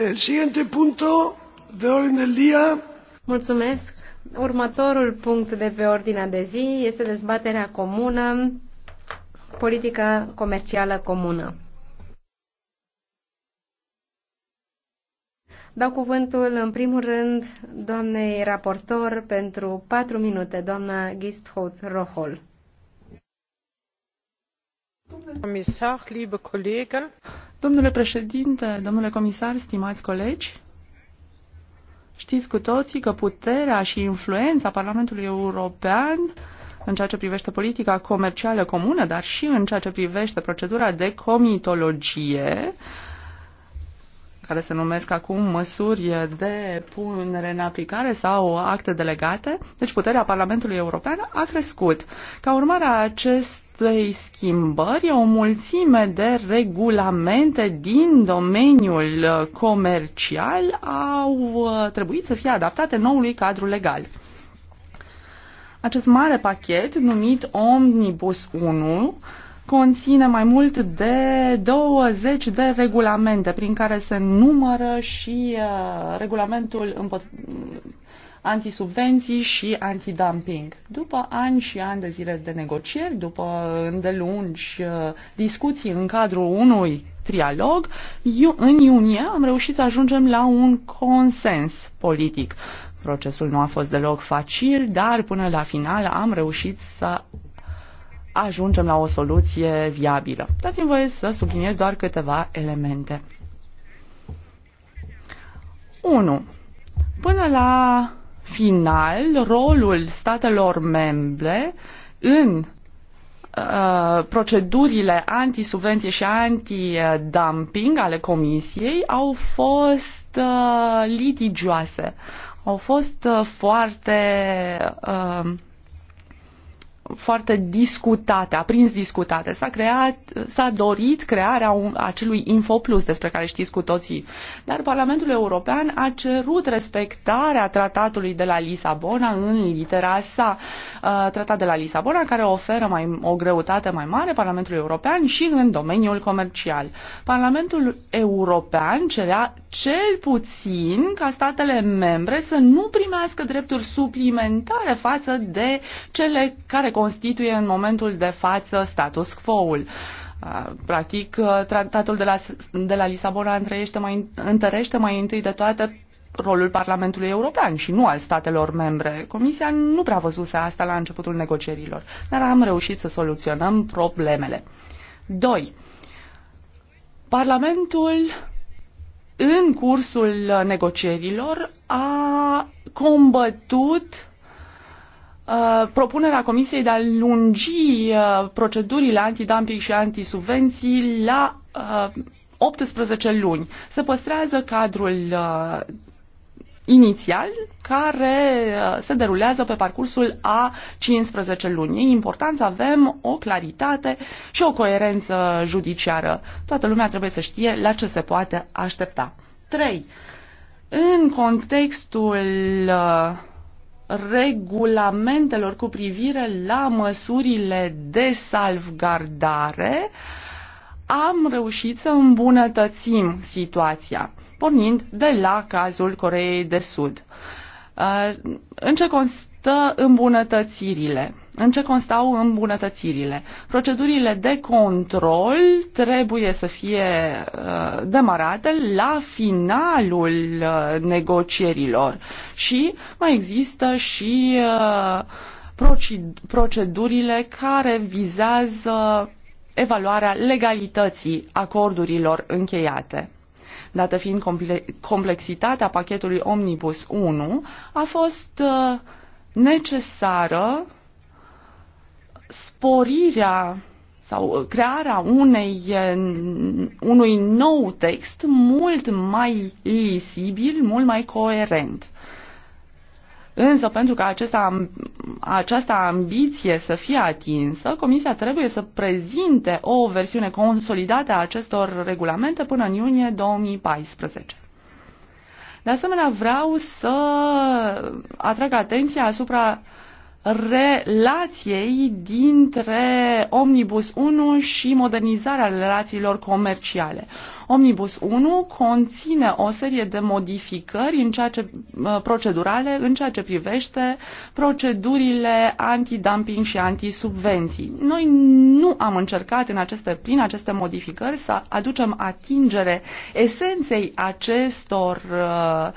El siguiente punto de orden del día. Mulțumesc. Următorul punct de pe ordinea de zi este dezbaterea comună, politica comercială comună. Dau cuvântul în primul rând doamnei raportor pentru patru minute, doamna Gisthout Rohol. Domnule președinte, domnule comisar, stimați colegi, știți cu toții că puterea și influența Parlamentului European în ceea ce privește politica comercială comună, dar și în ceea ce privește procedura de comitologie, care se numesc acum măsuri de punere în aplicare sau acte delegate, deci puterea Parlamentului European a crescut. Ca urmare a acest acestei schimbări o mulțime de regulamente din domeniul comercial au uh, trebuit să fie adaptate noului cadru legal. Acest mare pachet, numit Omnibus 1, conține mai mult de 20 de regulamente prin care se numără și uh, regulamentul împotriva antisubvenții și antidumping. După ani și ani de zile de negocieri, după îndelungi uh, discuții în cadrul unui trialog, în iunie am reușit să ajungem la un consens politic. Procesul nu a fost deloc facil, dar până la final am reușit să ajungem la o soluție viabilă. Dați-mi voie să subliniez doar câteva elemente. 1. Până la final rolul statelor membre în uh, procedurile anti și anti ale Comisiei au fost uh, litigioase, au fost uh, foarte foarte discutate, a prins discutate. S-a creat, s-a dorit crearea un, acelui InfoPlus despre care știți cu toții. Dar Parlamentul European a cerut respectarea tratatului de la Lisabona în litera sa. Uh, tratat de la Lisabona care oferă mai, o greutate mai mare Parlamentului European și în domeniul comercial. Parlamentul European cerea cel puțin ca statele membre să nu primească drepturi suplimentare față de cele care constituie în momentul de față status quo-ul. Uh, practic, uh, tratatul de la, de la Lisabona mai, întărește mai întâi de toate rolul Parlamentului European și nu al statelor membre. Comisia nu prea văzuse asta la începutul negocierilor, dar am reușit să soluționăm problemele. 2. Parlamentul în cursul negocierilor a combătut Uh, propunerea Comisiei de a lungi uh, procedurile antidumping și antisubvenții la 18 uh, luni. Se păstrează cadrul inițial care se derulează pe parcursul a 15 luni. E important să avem o claritate și o coerență judiciară. Toată lumea trebuie să știe la ce se poate aștepta. 3. În contextul uh, regulamentelor cu privire la măsurile de salvgardare, am reușit să îmbunătățim situația, pornind de la cazul Coreei de Sud. Uh, Uh, în ce constă îmbunătățirile? În ce constau îmbunătățirile? Procedurile de control trebuie să fie uh, demarate la finalul uh, negocierilor și mai există și uh, procedurile care vizează evaluarea legalității acordurilor încheiate dată fiind complexitatea pachetului Omnibus 1, a fost uh, necesară sporirea sau uh, crearea unei, uh, unui nou text mult mai lisibil, mult mai coerent. Însă, pentru ca acesta, această ambiție să fie atinsă, Comisia trebuie să prezinte o versiune consolidată a acestor regulamente până în iunie 2014. De asemenea, vreau să atrag atenția asupra uh, relației dintre Omnibus 1 și modernizarea relațiilor comerciale. Omnibus 1 conține o serie de modificări în ceea ce, procedurale în ceea ce privește procedurile antidumping și antisubvenții. Noi nu am încercat în aceste, prin aceste modificări să aducem atingere esenței acestor, uh,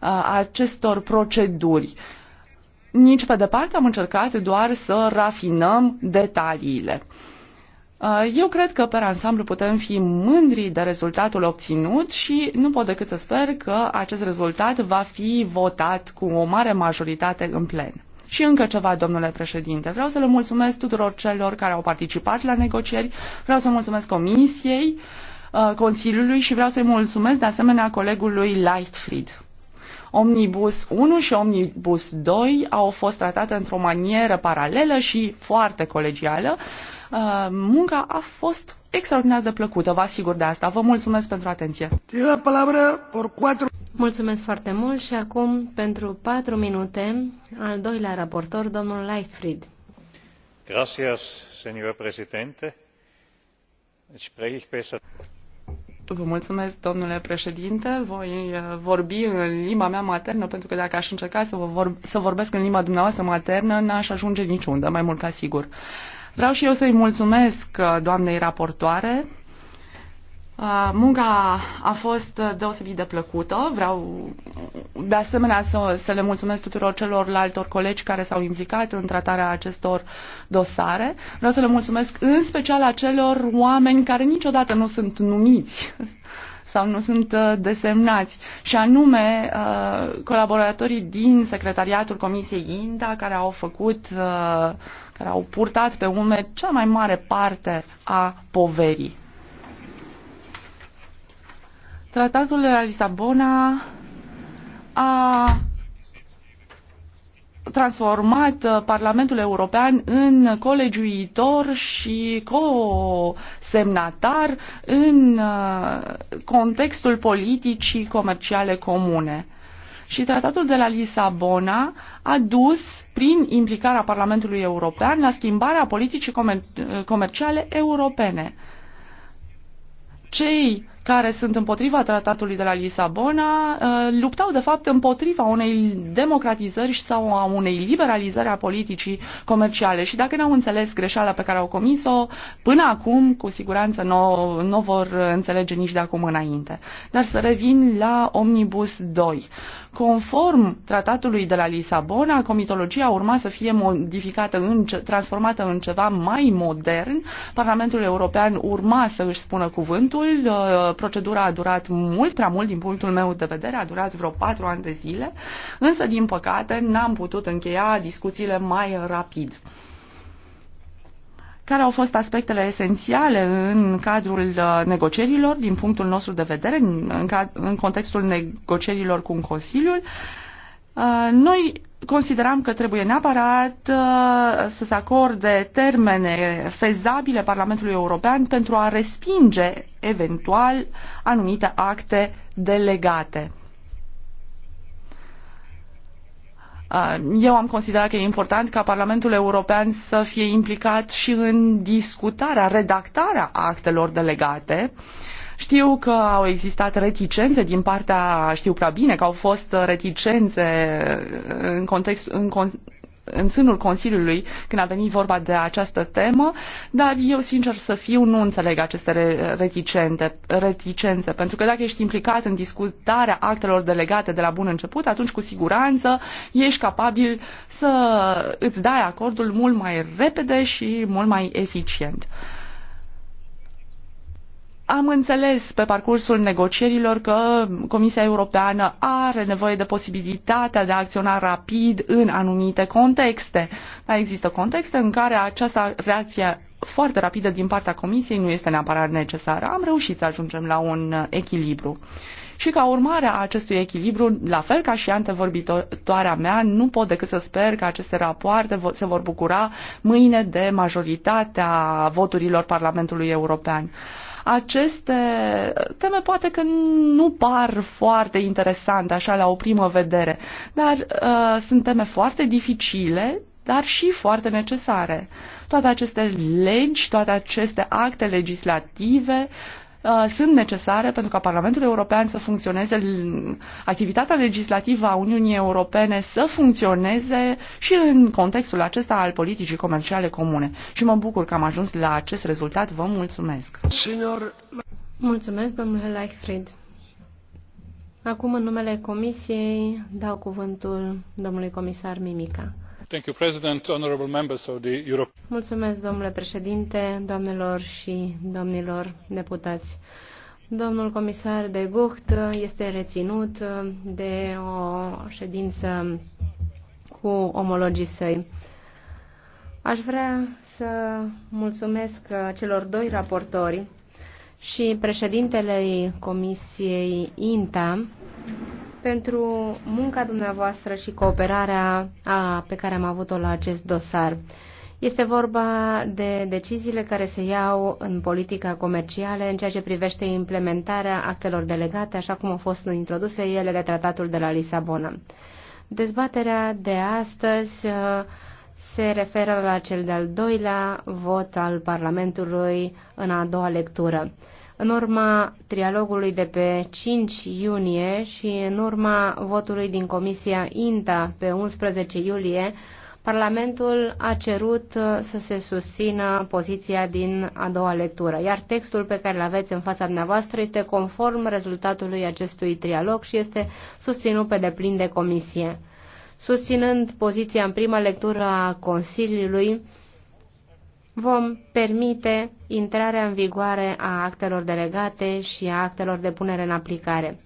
uh, acestor proceduri nici pe departe, am încercat doar să rafinăm detaliile. Uh, eu cred că, pe ansamblu, putem fi mândri de rezultatul obținut și nu pot decât să sper că acest rezultat va fi votat cu o mare majoritate în plen. Și încă ceva, domnule președinte. Vreau să le mulțumesc tuturor celor care au participat la negocieri, vreau să mulțumesc comisiei, uh, Consiliului și vreau să-i mulțumesc de asemenea colegului Lightfried. Omnibus 1 și Omnibus 2 au fost tratate într-o manieră paralelă și foarte colegială. Uh, munca a fost extraordinar de plăcută, vă asigur de asta. Vă mulțumesc pentru atenție. Mulțumesc foarte mult și acum, pentru patru minute, al doilea raportor, domnul Leichtfried. Gracias, señor presidente. Spreche ich besser. Vă mulțumesc, domnule președinte. Voi uh, vorbi în limba mea maternă, pentru că dacă aș încerca să, vă vorb- să vorbesc în limba dumneavoastră maternă, n-aș ajunge niciunde, mai mult ca sigur. Vreau și eu să-i mulțumesc uh, doamnei raportoare Munca a fost uh, deosebit de plăcută. Vreau de asemenea să, să le mulțumesc tuturor celorlaltor colegi care s-au implicat în tratarea acestor dosare. Vreau să le mulțumesc în special acelor oameni care niciodată nu sunt numiți sau nu sunt uh, desemnați, și anume uh, colaboratorii din secretariatul Comisiei INDA care au făcut, care au purtat pe umeri cea mai mare parte a poverii. Tratatul de la Lisabona a transformat uh, Parlamentul European în colegiuitor și co-semnatar în uh, contextul politicii comerciale comune. Și tratatul de la Lisabona a dus, prin implicarea Parlamentului European, la schimbarea politicii comer comerciale europene. Cei care sunt împotriva tratatului de la Lisabona uh, luptau de fapt împotriva unei democratizări sau a unei liberalizări a politicii comerciale și dacă n-au înțeles greșeala pe care au comis-o până acum, cu siguranță nu, nu vor înțelege nici de acum înainte. Dar să revin la Omnibus 2. Conform tratatului de la Lisabona, comitologia urma să fie modificată, în, transformată în ceva mai modern. Parlamentul European urma să își spună cuvântul, uh, procedura a durat mult prea mult din punctul meu de vedere, a durat vreo patru ani de zile, însă, din păcate, n-am putut încheia discuțiile mai rapid care au fost aspectele esențiale în cadrul uh, negocierilor, din punctul nostru de vedere, în, în contextul negocierilor cu Consiliul. Uh, noi considerăm că trebuie neapărat uh, să se acorde termene fezabile Parlamentului European pentru a respinge eventual anumite acte delegate. Uh, eu am considerat că e important ca Parlamentul European să fie implicat și în discutarea, redactarea actelor delegate uh, știu că au existat reticențe din partea, știu prea bine că au fost reticențe în, context, în, în sânul Consiliului când a venit vorba de această temă, dar eu, sincer să fiu, nu înțeleg aceste reticente, reticențe, pentru că dacă ești implicat în discutarea actelor delegate de la bun început, atunci cu siguranță ești capabil să îți dai acordul mult mai repede și mult mai eficient. Am înțeles pe parcursul negocierilor că Comisia Europeană are nevoie de posibilitatea de a acționa rapid în anumite contexte. Dar există contexte în care această reacție foarte rapidă din partea Comisiei nu este neapărat necesară. Am reușit să ajungem la un echilibru. Și ca urmare a acestui echilibru, la fel ca și antevorbitoarea mea, nu pot decât să sper că aceste rapoarte se vor bucura mâine de majoritatea voturilor Parlamentului European. Aceste teme poate că nu par foarte interesante așa la o primă vedere, dar uh, sunt teme foarte dificile, dar și foarte necesare. Toate aceste legi, toate aceste acte legislative uh, Uh, sunt necesare pentru ca Parlamentul European să funcționeze, activitatea legislativă a Uniunii Europene să funcționeze și în contextul acesta al politicii comerciale comune. Și mă bucur că am ajuns la acest rezultat. Vă mulțumesc! Senior... Mulțumesc, domnule Leichfried. Acum, în numele Comisiei, dau cuvântul domnului comisar Mimica. Mulțumesc, domnule președinte, doamnelor și domnilor deputați. Domnul comisar de Gucht este reținut de o ședință cu omologii săi. Aș vrea să mulțumesc celor doi raportori și președintelei Comisiei INTA pentru munca dumneavoastră și cooperarea a, pe care am avut-o la acest dosar. Este vorba de deciziile care se iau în politica comercială în ceea ce privește implementarea actelor delegate, așa cum au fost introduse ele de tratatul de la Lisabona. Dezbaterea de astăzi uh, se referă la cel de-al doilea vot al Parlamentului în a doua lectură. În urma trialogului de pe 5 iunie și în urma votului din Comisia INTA pe 11 iulie, Parlamentul a cerut uh, să se susțină poziția din a doua lectură, iar textul pe care îl aveți în fața dumneavoastră este conform rezultatului acestui trialog și este susținut pe deplin de Comisie. Susținând poziția în prima lectură a Consiliului, vom permite intrarea în vigoare a actelor delegate și a actelor de punere în aplicare.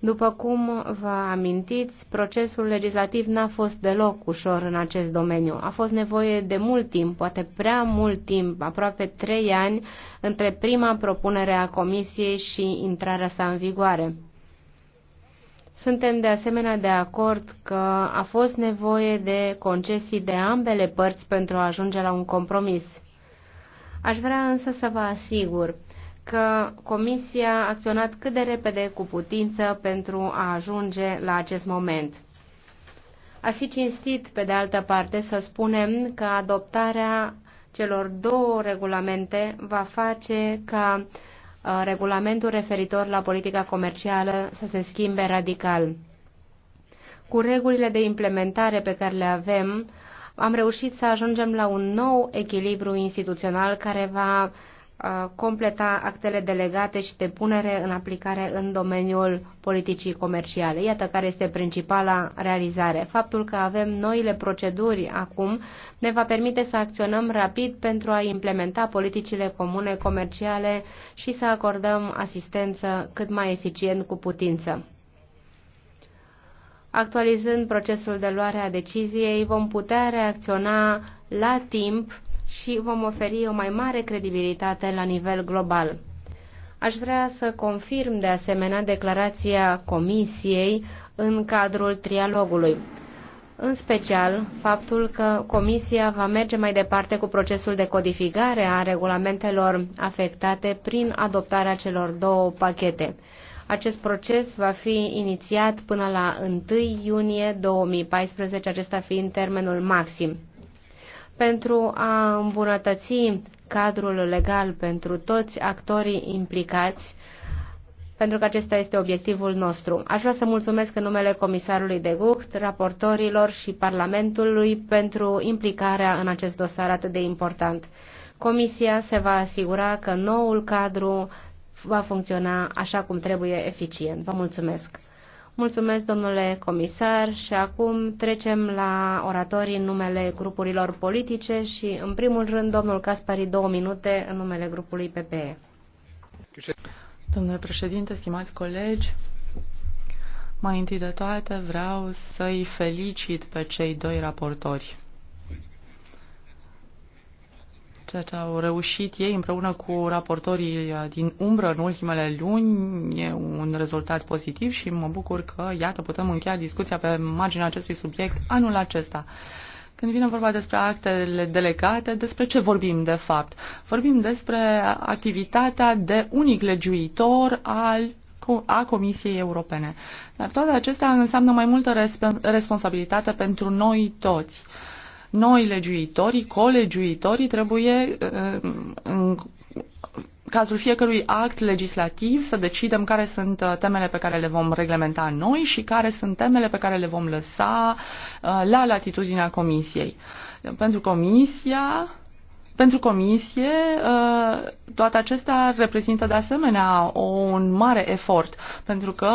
După cum vă amintiți, procesul legislativ n-a fost deloc ușor în acest domeniu. A fost nevoie de mult timp, poate prea mult timp, aproape trei ani, între prima propunere a Comisiei și intrarea sa în vigoare. Suntem de asemenea de acord că a fost nevoie de concesii de ambele părți pentru a ajunge la un compromis. Aș vrea însă să vă asigur că Comisia a acționat cât de repede cu putință pentru a ajunge la acest moment. Ar fi cinstit, pe de altă parte, să spunem că adoptarea celor două regulamente va face ca Uh, regulamentul referitor la politica comercială să se schimbe radical. Cu regulile de implementare pe care le avem, am reușit să ajungem la un nou echilibru instituțional care va completa actele delegate și de punere în aplicare în domeniul politicii comerciale. Iată care este principala realizare. Faptul că avem noile proceduri acum ne va permite să acționăm rapid pentru a implementa politicile comune comerciale și să acordăm asistență cât mai eficient cu putință. Actualizând procesul de luare a deciziei, vom putea reacționa la timp și vom oferi o mai mare credibilitate la nivel global. Aș vrea să confirm de asemenea declarația Comisiei în cadrul trialogului în special faptul că Comisia va merge mai departe cu procesul de codificare a regulamentelor afectate prin adoptarea celor două pachete. Acest proces va fi inițiat până la 1 iunie 2014, acesta fiind termenul maxim pentru a îmbunătăți cadrul legal pentru toți actorii implicați, pentru că acesta este obiectivul nostru. Aș vrea să mulțumesc în numele comisarului de Gucht, raportorilor și Parlamentului pentru implicarea în acest dosar atât de important. Comisia se va asigura că noul cadru va funcționa așa cum trebuie eficient. Vă mulțumesc! Mulțumesc, domnule comisar, și acum trecem la oratorii în numele grupurilor politice și, în primul rând, domnul Caspari, două minute în numele grupului PPE. Domnule președinte, stimați colegi, mai întâi de toate vreau să-i felicit pe cei doi raportori. Ceea ce au reușit ei împreună cu raportorii uh, din umbră în ultimele luni e un rezultat pozitiv și mă bucur că, iată, putem încheia discuția pe marginea acestui subiect anul acesta. Când vine vorba despre actele delegate, despre ce vorbim de fapt? Vorbim despre activitatea de unic legiuitor al a Comisiei Europene. Dar toate acestea înseamnă mai multă responsabilitate pentru noi toți. Uh, noi legiuitorii, colegiuitorii trebuie uh, în cazul fiecărui act legislativ să decidem care sunt uh, temele pe care le vom reglementa noi și care sunt temele pe care le vom lăsa uh, la latitudinea comisiei. Pentru comisia pentru comisie, toate acestea reprezintă de asemenea un mare efort, pentru că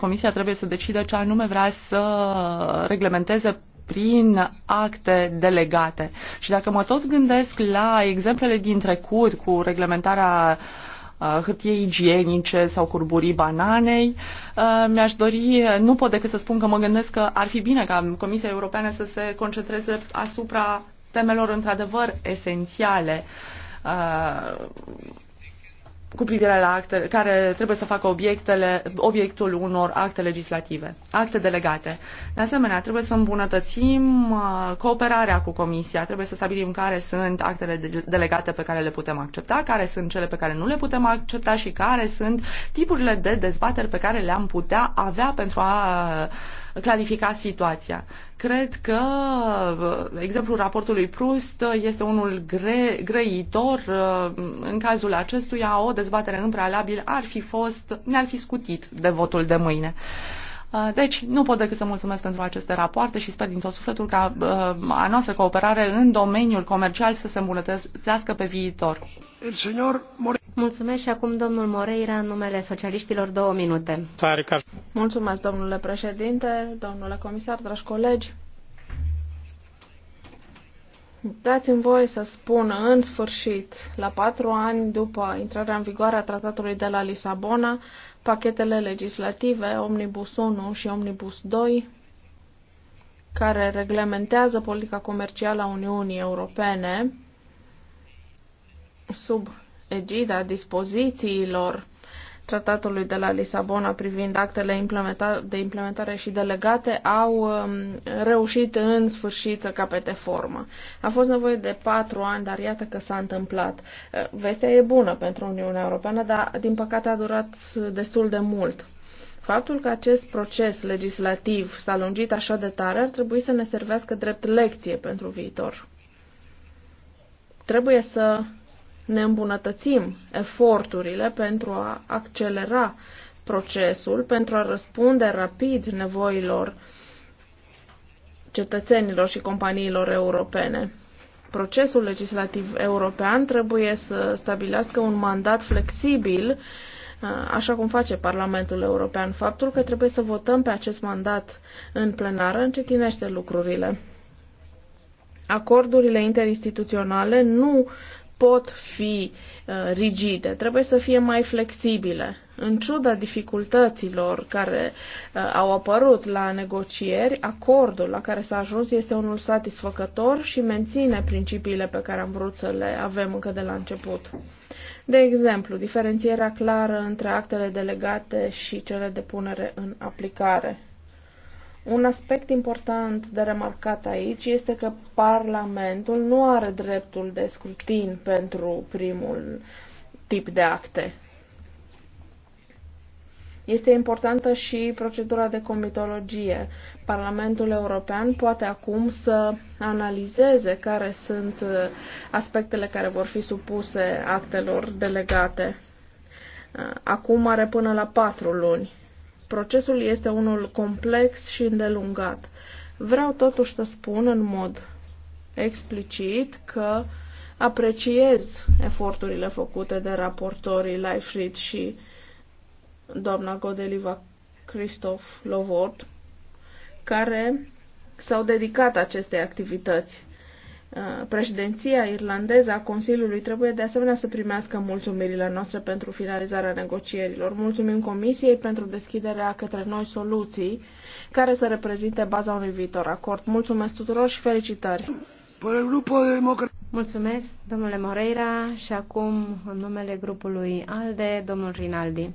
comisia trebuie să decidă ce anume vrea să reglementeze prin acte delegate. Și dacă mă tot gândesc la exemplele din trecut cu reglementarea uh, hârtie igienice sau curburii bananei. Uh, mi-aș dori, nu pot decât să spun că mă gândesc că ar fi bine ca Comisia Europeană să se concentreze asupra temelor într-adevăr esențiale uh, cu privire la acte care trebuie să facă obiectele, obiectul unor acte legislative, acte delegate. De asemenea, trebuie să îmbunătățim uh, cooperarea cu Comisia, trebuie să stabilim care sunt actele delegate pe care le putem accepta, care sunt cele pe care nu le putem accepta și care sunt tipurile de dezbateri pe care le-am putea avea pentru a clarifica situația. Cred că uh, exemplul raportului Proust uh, este unul gre, greitor. Uh, în cazul acestuia, o dezbatere în prealabil ar fi fost, ne-ar fi scutit de votul de mâine. Deci, nu pot decât să mulțumesc pentru aceste rapoarte și sper din tot sufletul ca a noastră cooperare în domeniul comercial să se îmbunătățească pe viitor. El Mulțumesc și acum domnul Moreira în numele socialiștilor două minute. Mulțumesc, domnule președinte, domnule comisar, dragi colegi. Dați-mi voie să spun în sfârșit, la patru ani după intrarea în vigoare a tratatului de la Lisabona, pachetele legislative Omnibus 1 și Omnibus 2, care reglementează politica comercială a Uniunii Europene sub egida dispozițiilor tratatului de la Lisabona privind actele de implementare și delegate au um, reușit în sfârșit să capete formă. A fost nevoie de patru ani, dar iată că s-a întâmplat. Uh, vestea e bună pentru Uniunea Europeană, dar din păcate a durat destul de mult. Faptul că acest proces legislativ s-a lungit așa de tare ar trebui să ne servească drept lecție pentru viitor. Trebuie să ne îmbunătățim eforturile pentru a accelera procesul, pentru a răspunde rapid nevoilor cetățenilor și companiilor europene. Procesul legislativ european trebuie să stabilească un mandat flexibil, uh, așa cum face Parlamentul European. Faptul că trebuie să votăm pe acest mandat în plenară încetinește lucrurile acordurile interinstituționale nu pot fi uh, rigide, trebuie să fie mai flexibile. În ciuda dificultăților care uh, au apărut la negocieri, acordul la care s-a ajuns este unul satisfăcător și menține principiile pe care am vrut să le avem încă de la început. De exemplu, diferențierea clară între actele delegate și cele de punere în aplicare. Un aspect important de remarcat aici este că Parlamentul nu are dreptul de scrutin pentru primul tip de acte. Este importantă și procedura de comitologie. Parlamentul European poate acum să analizeze care sunt aspectele care vor fi supuse actelor delegate. Acum are până la patru luni Procesul este unul complex și îndelungat. Vreau totuși să spun în mod explicit că apreciez eforturile făcute de raportorii Leifried și doamna Godeliva Christoph Lovort, care s-au dedicat acestei activități. Uh, președinția irlandeză a Consiliului trebuie de asemenea să primească mulțumirile noastre pentru finalizarea negocierilor. Mulțumim Comisiei pentru deschiderea către noi soluții care să reprezinte baza unui viitor acord. Mulțumesc tuturor și felicitări! Mulțumesc, domnule Moreira, și acum, în numele grupului ALDE, domnul Rinaldi.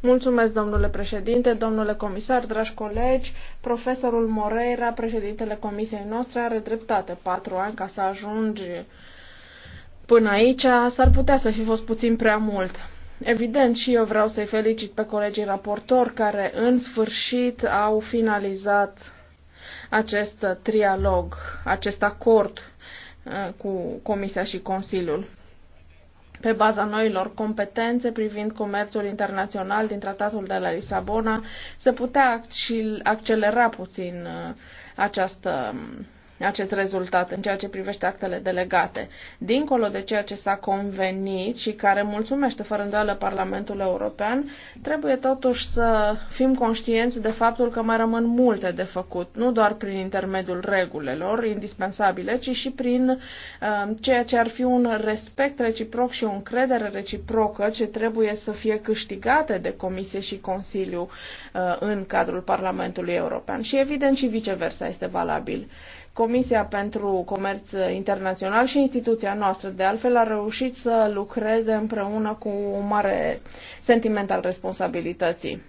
Mulțumesc, domnule președinte, domnule comisar, dragi colegi. Profesorul Moreira, președintele comisiei noastre, are dreptate. Patru ani ca să ajungi până aici s-ar putea să fi fost puțin prea mult. Evident, și eu vreau să-i felicit pe colegii raportori care, în sfârșit, au finalizat acest trialog, acest acord Eh, cu Comisia și Consiliul. Pe baza noilor competențe privind comerțul internațional din Tratatul de la Lisabona, se putea accelera puțin eh, această acest rezultat în ceea ce privește actele delegate. Dincolo de ceea ce s-a convenit și care mulțumește fără îndoială Parlamentul European, trebuie totuși să fim conștienți de faptul că mai rămân multe de făcut, nu doar prin intermediul regulelor indispensabile, ci și prin uh, ceea ce ar fi un respect reciproc și o încredere reciprocă ce trebuie să fie câștigate de Comisie și Consiliu uh, în cadrul Parlamentului European. Și evident și viceversa este valabil. Comisia pentru Comerț Internațional și instituția noastră, de altfel, a reușit să lucreze împreună cu un mare sentiment al responsabilității.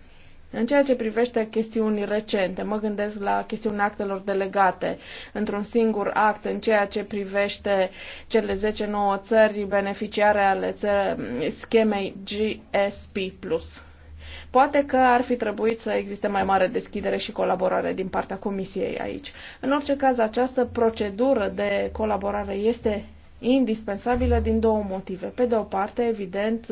În ceea ce privește chestiuni recente, mă gândesc la chestiunea actelor delegate într-un singur act, în ceea ce privește cele 10 nouă țări beneficiare ale țări, schemei GSP+. Poate că ar fi trebuit să existe mai mare deschidere și colaborare din partea Comisiei aici. În orice caz, această procedură de colaborare este indispensabilă din două motive. Pe de o parte, evident,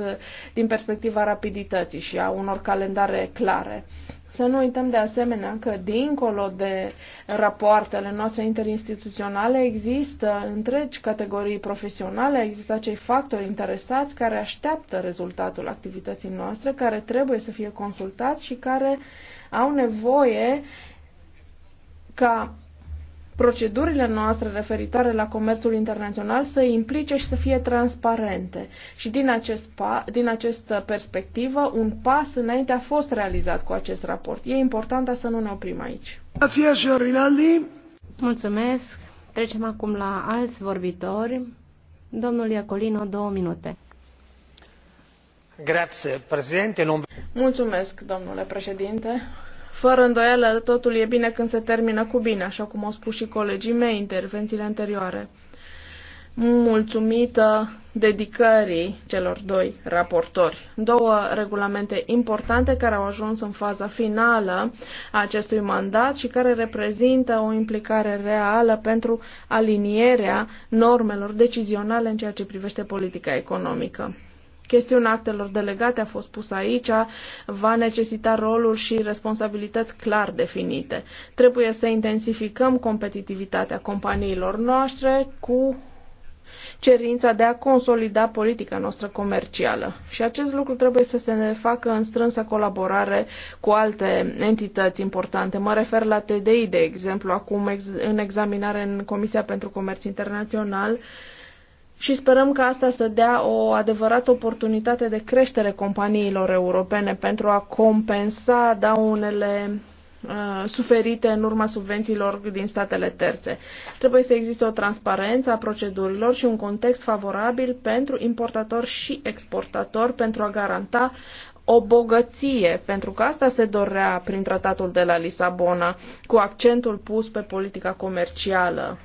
din perspectiva rapidității și a unor calendare clare. Să nu uităm de asemenea că, dincolo de rapoartele noastre interinstituționale, există întregi categorii profesionale, există acei factori interesați care așteaptă rezultatul activității noastre, care trebuie să fie consultați și care au nevoie ca procedurile noastre referitoare la comerțul internațional să implice și să fie transparente. Și din, acest pa- din această perspectivă, un pas înainte a fost realizat cu acest raport. E important să nu ne oprim aici. Mulțumesc. Trecem acum la alți vorbitori. Domnul Iacolino, două minute. Grazie, Mulțumesc, domnule președinte fără îndoială, totul e bine când se termină cu bine, așa cum au spus și colegii mei intervențiile anterioare. Mulțumită dedicării celor doi raportori. Două regulamente importante care au ajuns în faza finală a acestui mandat și care reprezintă o implicare reală pentru alinierea normelor decizionale în ceea ce privește politica economică. Chestiunea actelor delegate a fost pusă aici, va necesita roluri și responsabilități clar definite. Trebuie să intensificăm competitivitatea companiilor noastre cu cerința de a consolida politica noastră comercială. Și acest lucru trebuie să se ne facă în strânsă colaborare cu alte entități importante. Mă refer la TDI, de exemplu, acum în examinare în Comisia pentru Comerț Internațional, uh, și sperăm că asta să dea o adevărată oportunitate de creștere companiilor europene pentru a compensa daunele uh, suferite în urma subvențiilor din statele terțe. Trebuie să existe o transparență a procedurilor și un context favorabil pentru importator și exportator pentru a garanta o bogăție, pentru că asta se dorea prin tratatul de la Lisabona, cu accentul pus pe politica comercială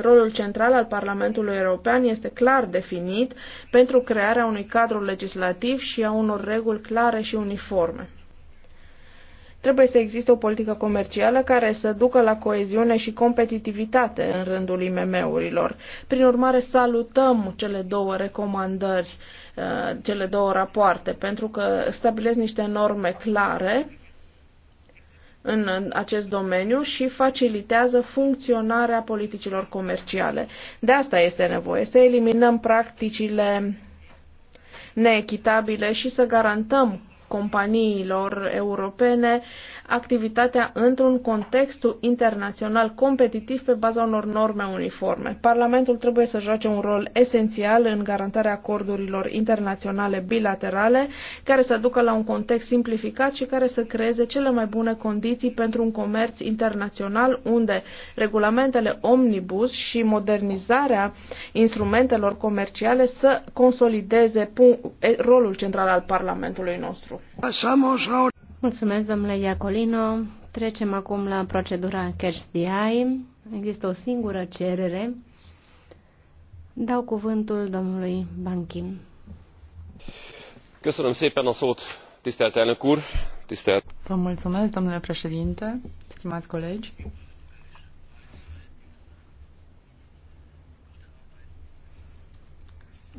Rolul central al Parlamentului European este clar definit pentru crearea unui cadru legislativ și a unor reguli clare și uniforme. Trebuie să existe o politică comercială care să ducă la coeziune și competitivitate în rândul IMM-urilor. Prin urmare, salutăm cele două recomandări, uh, cele două rapoarte, pentru că stabilesc niște norme clare în acest domeniu și facilitează funcționarea politicilor comerciale. De asta este nevoie, să eliminăm practicile neechitabile și să garantăm companiilor europene activitatea într-un context internațional competitiv pe baza unor norme uniforme. Parlamentul trebuie să joace un rol esențial în garantarea acordurilor internaționale bilaterale care să ducă la un context simplificat și care să creeze cele mai bune condiții pentru un comerț internațional unde regulamentele omnibus și modernizarea instrumentelor comerciale să consolideze rolul central al Parlamentului nostru. Mulțumesc, domnule Iacolino. Trecem acum la procedura Catch the Eye. Există o singură cerere. Dau cuvântul domnului Bankin. Köszönöm szépen a szót, tisztelt elnök Vă mulțumesc, domnule președinte, stimați colegi.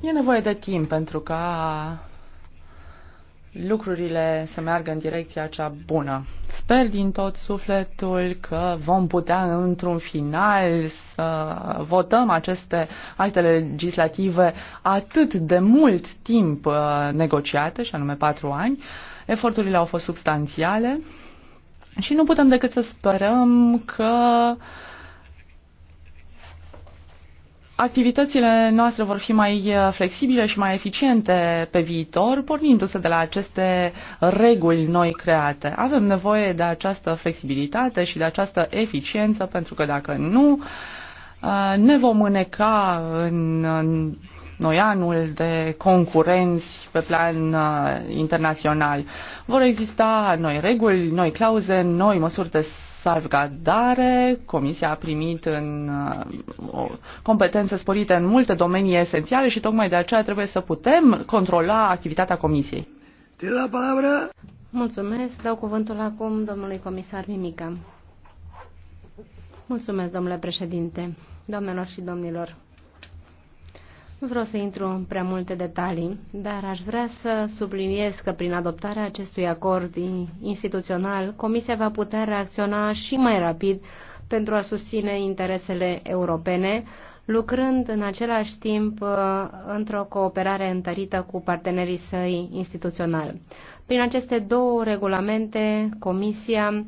E nevoie de timp pentru ca lucrurile să meargă în direcția cea bună. Sper din tot sufletul că vom putea într-un final să votăm aceste acte legislative atât de mult timp uh, negociate, și anume patru ani. Eforturile au fost substanțiale și nu putem decât să sperăm că uh, activitățile noastre vor fi mai uh, flexibile și mai eficiente pe viitor, pornindu-se de la aceste reguli noi create. Avem nevoie de această flexibilitate și de această eficiență, pentru că dacă nu, uh, ne vom mâneca în noi anul de concurenți pe plan uh, internațional. Vor exista noi reguli, noi clauze, noi măsuri de salvgardare. Comisia a primit în uh, o competențe sporite în multe domenii esențiale și tocmai de aceea trebuie să putem controla activitatea Comisiei. De la palabra. Mulțumesc. Dau cuvântul acum domnului comisar Mimica. Mulțumesc, domnule președinte, doamnelor și domnilor. Nu vreau să intru în prea multe detalii, dar aș vrea să subliniez că prin adoptarea acestui acord instituțional, Comisia va putea reacționa și mai rapid pentru a susține interesele europene, lucrând în același timp uh, într-o cooperare întărită cu partenerii săi instituționali. Prin aceste două regulamente, Comisia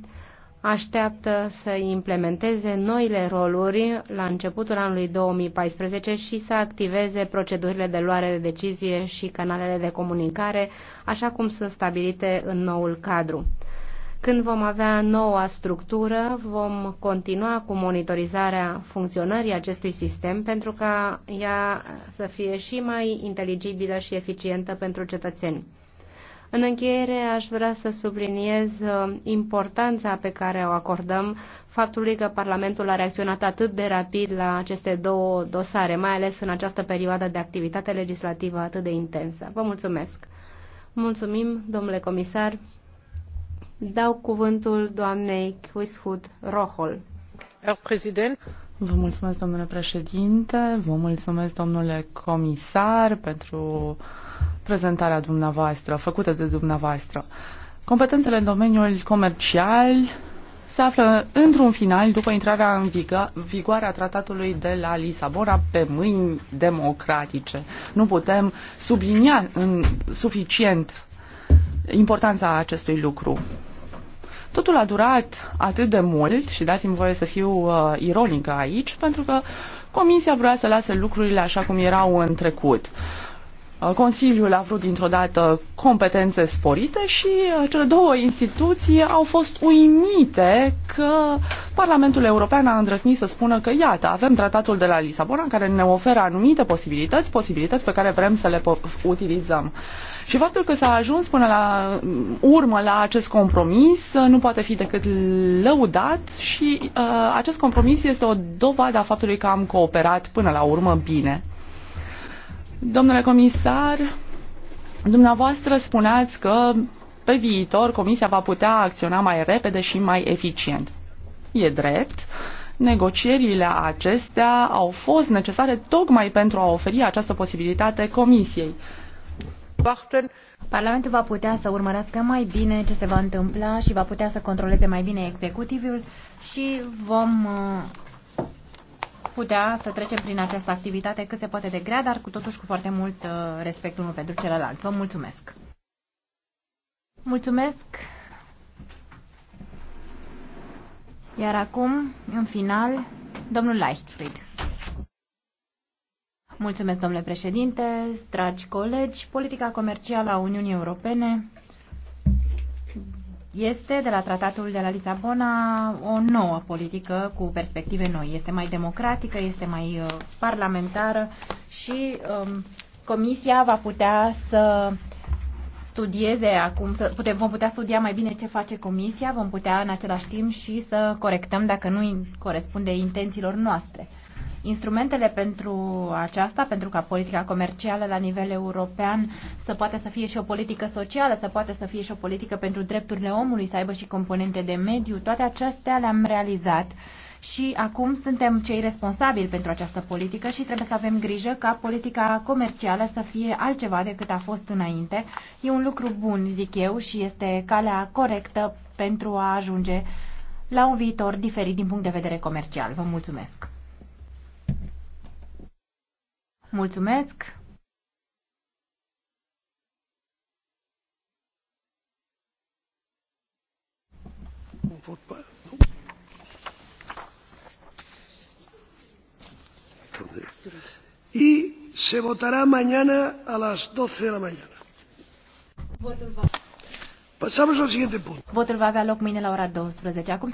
așteaptă să implementeze noile roluri la începutul anului 2014 și să activeze procedurile de luare de decizie și canalele de comunicare, așa cum sunt stabilite în noul cadru. Când vom avea noua structură, vom continua cu monitorizarea funcționării acestui sistem pentru ca ea să fie și mai inteligibilă și eficientă pentru cetățeni. În încheiere, aș vrea să subliniez uh, importanța pe care o acordăm faptului că Parlamentul a reacționat atât de rapid la aceste două dosare, mai ales în această perioadă de activitate legislativă atât de intensă. Vă mulțumesc! Mulțumim, domnule comisar! Dau cuvântul doamnei Quishud Rohol. Vă mulțumesc, domnule președinte, vă mulțumesc, domnule comisar, pentru uh, prezentarea dumneavoastră, făcută de dumneavoastră. Competențele în domeniul comercial se află într-un final după intrarea în vigoare a tratatului de la Lisabona pe mâini democratice. Nu putem sublinia în suficient importanța acestui lucru. Totul a durat atât de mult și dați-mi voie să fiu uh, ironică aici, pentru că Comisia vrea să lase lucrurile așa cum erau în trecut. Uh, Uh, Consiliul a vrut dintr-o dată competențe sporite și uh, cele două instituții au fost uimite că Parlamentul European a îndrăznit să spună că, iată, avem tratatul de la Lisabona care ne oferă anumite posibilități, posibilități pe care vrem să le utilizăm. Și faptul că s-a ajuns până la mm, urmă la acest compromis uh, nu poate fi decât lăudat și uh, acest compromis este o dovadă a faptului că am cooperat până la urmă bine. Domnule comisar, dumneavoastră spuneați că pe viitor Comisia va putea acționa mai repede și mai eficient. E drept. Negocierile acestea au fost necesare tocmai pentru a oferi această posibilitate Comisiei. Parlamentul va putea să urmărească mai bine ce se va întâmpla și va putea să controleze mai bine executivul și vom uh, putea să trecem prin această activitate cât se poate de grea, dar cu totuși cu foarte mult uh, respect unul pentru celălalt. Vă mulțumesc! Mulțumesc! Iar acum, în final, domnul Leichtfried. Mulțumesc, domnule președinte, dragi colegi, politica comercială a Uniunii Europene este de la tratatul de la Lisabona o nouă politică cu perspective noi. Este mai democratică, este mai uh, parlamentară și um, Comisia va putea să studieze acum, să putem, vom putea studia mai bine ce face Comisia, vom putea în același timp și să corectăm dacă nu corespunde intențiilor noastre. Instrumentele pentru aceasta, pentru ca politica comercială la nivel european să poată să fie și o politică socială, să poată să fie și o politică pentru drepturile omului, să aibă și componente de mediu, toate acestea le-am realizat și acum suntem cei responsabili pentru această politică și trebuie să avem grijă ca politica comercială să fie altceva decât a fost înainte. E un lucru bun, zic eu, și este calea corectă pentru a ajunge la un viitor diferit din punct de vedere comercial. Vă mulțumesc! Mulțumesc! Y se votará mañana a las 12 de la mañana. Votul va... Pasamos al siguiente punto. Votul va avea loc mâine la ora 12. Acum